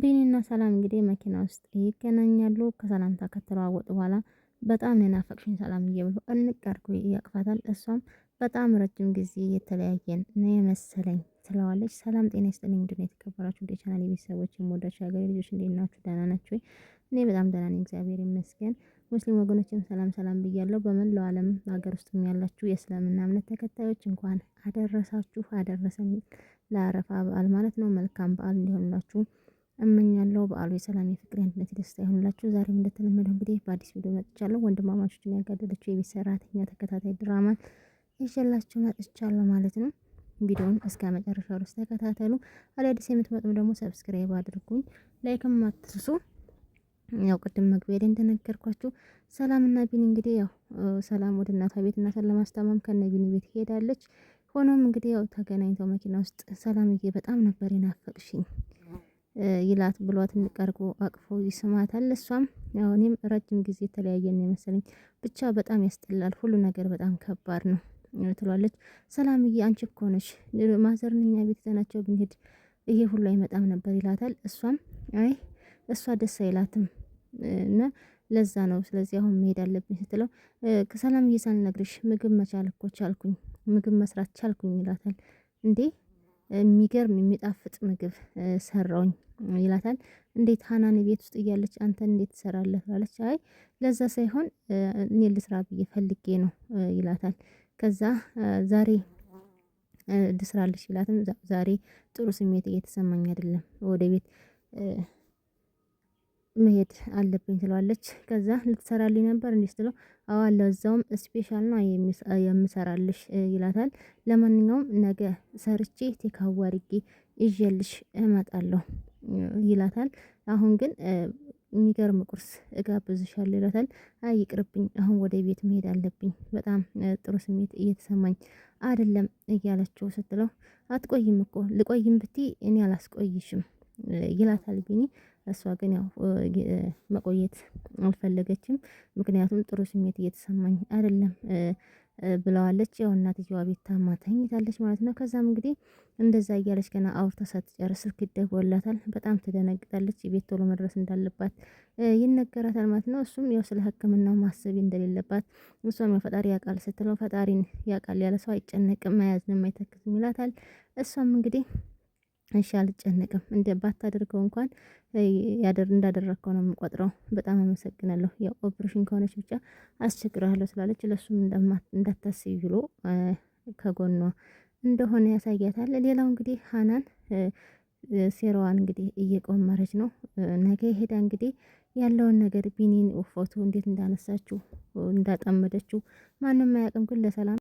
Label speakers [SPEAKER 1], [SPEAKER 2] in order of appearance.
[SPEAKER 1] ቢኒና ሰላም እንግዲህ መኪና ውስጥ ይገናኛሉ። ከሰላምታ ከተለዋወጡ በኋላ በጣም ናፈቅሽኝ ሰላምዬ ብሎ እንቀርኩ ያቅፋታል። እሷም በጣም ረጅም ጊዜ የተለያየን ነው የመሰለኝ ትለዋለች። ሰላም ጤና ይስጥልኝ ውድና የተከበራችሁ እንደ ቻናል ቤተሰቦች የምወዳችሁ ሀገር ልጆች እንዴት ናችሁ? ደህና ናችሁ ወይ? እኔ በጣም ደህና ነኝ እግዚአብሔር ይመስገን። ሙስሊም ወገኖችም ሰላም ሰላም ብያለሁ። በመላው ዓለም ሀገር ውስጥ ያላችሁ የእስልምና እምነት ተከታዮች እንኳን አደረሳችሁ አደረሰን ለአረፋ በዓል ማለት ነው። መልካም በዓል እንዲሆንላችሁ እመኛለሁ። በዓሉ የሰላም የፍቅር አንድነት የደስታ ይሁንላችሁ። ዛሬም እንደተለመደው እንግዲህ በአዲስ ቪዲዮ መጥቻለሁ። ወንድማማቾችን ያጋደለችው የቤት ሰራተኛ ተከታታይ ድራማን ይዤላችሁ መጥቻለሁ ማለት ነው። ቪዲዮውን እስከ መጨረሻው ድረስ ተከታተሉ። አዳዲስ የምትመጡም ደግሞ ሰብስክራይብ አድርጉኝ፣ ላይክም አትርሱ። ያው ቅድም መግቢያ ላይ እንደነገርኳችሁ ሰላምና ቢኒ እንግዲህ ያው ሰላም ወደ እናቷ ቤት እናቷን ለማስታመም ከነ ቢኒ ቤት ትሄዳለች። ሆኖም እንግዲህ ያው ተገናኝተው መኪና ውስጥ ሰላምዬ በጣም ነበር የናፈቅሽኝ ይላት ብሏት እንቃርጎ አቅፎ ይስማታል። እሷም ያው እኔም ረጅም ጊዜ የተለያየን ነው የመሰለኝ ብቻ በጣም ያስጠላል፣ ሁሉ ነገር በጣም ከባድ ነው ትሏለች። ሰላምዬ አንቺ እኮ ነሽ ማዘርን እኛ ቤት ዘናቸው ብንሄድ ይሄ ሁሉ አይመጣም ነበር ይላታል። እሷም አይ እሷ ደስ አይላትም እና ለዛ ነው ስለዚህ አሁን መሄድ አለብኝ ስትለው ሰላምዬ ሳልነግርሽ ምግብ መቻል እኮ ቻልኩኝ፣ ምግብ መስራት ቻልኩኝ ይላታል። እንዴ የሚገርም የሚጣፍጥ ምግብ ሰራውኝ ይላታል። እንዴት ሀናን ቤት ውስጥ እያለች አንተ እንዴት ትሰራለህ? አለች አይ ለዛ ሳይሆን እኔ ልስራ ብዬ ፈልጌ ነው ይላታል። ከዛ ዛሬ ልስራልሽ ይላትም። ዛሬ ጥሩ ስሜት እየተሰማኝ አይደለም ወደ ቤት መሄድ አለብኝ ትለዋለች። ከዛ ልትሰራልኝ ነበር እንዲህ ስትለው አዎ አለ እዛውም ስፔሻል ነው የምሰራልሽ ይላታል። ለማንኛውም ነገ ሰርቼ ቴካዌ አድርጌ ይዤልሽ እመጣለሁ ይላታል። አሁን ግን የሚገርም ቁርስ እጋብዝሻለሁ ይላታል። አይ ይቅርብኝ አሁን ወደ ቤት መሄድ አለብኝ በጣም ጥሩ ስሜት እየተሰማኝ አይደለም እያለችው ስትለው አትቆይም እኮ ልቆይም ብቲ እኔ አላስቆይሽም ይላታል ቢኒ። እሷ ግን ያው መቆየት አልፈለገችም። ምክንያቱም ጥሩ ስሜት እየተሰማኝ አይደለም ብለዋለች። ያው እናትየዋ ቤት ታማ ተኝታለች ማለት ነው። ከዛም እንግዲህ እንደዛ እያለች ገና አውርታ ሳትጨርስ ስልክ ይደወላታል። በጣም ትደነግጣለች። ቤት ቶሎ መድረስ እንዳለባት ይነገራታል ማለት ነው። እሱም ያው ስለ ሕክምናው ማሰብ እንደሌለባት እሷም ያው ፈጣሪ ያውቃል ስትለው ፈጣሪን ያውቃል ያለ ሰው አይጨነቅም፣ መያዝንም አይተክዝም ይላታል። እሷም እንግዲህ እሺ አልጨነቅም እንደ ባታደርገው እንኳን ያደር እንዳደረግከው ነው የምቆጥረው። በጣም አመሰግናለሁ። ያው ኦፕሬሽን ከሆነች ብቻ አስቸግርሃለሁ ስላለች ለሱም እንዳታስቢ ብሎ ከጎኗ እንደሆነ ያሳያታል። ሌላው እንግዲህ ሀናን ሴራዋን እንግዲህ እየቆመረች ነው። ነገ ሄዳ እንግዲህ ያለውን ነገር ቢኒን ፎቶ እንዴት እንዳነሳችው እንዳጠመደችው ማንም አያውቅም ግን ለሰላም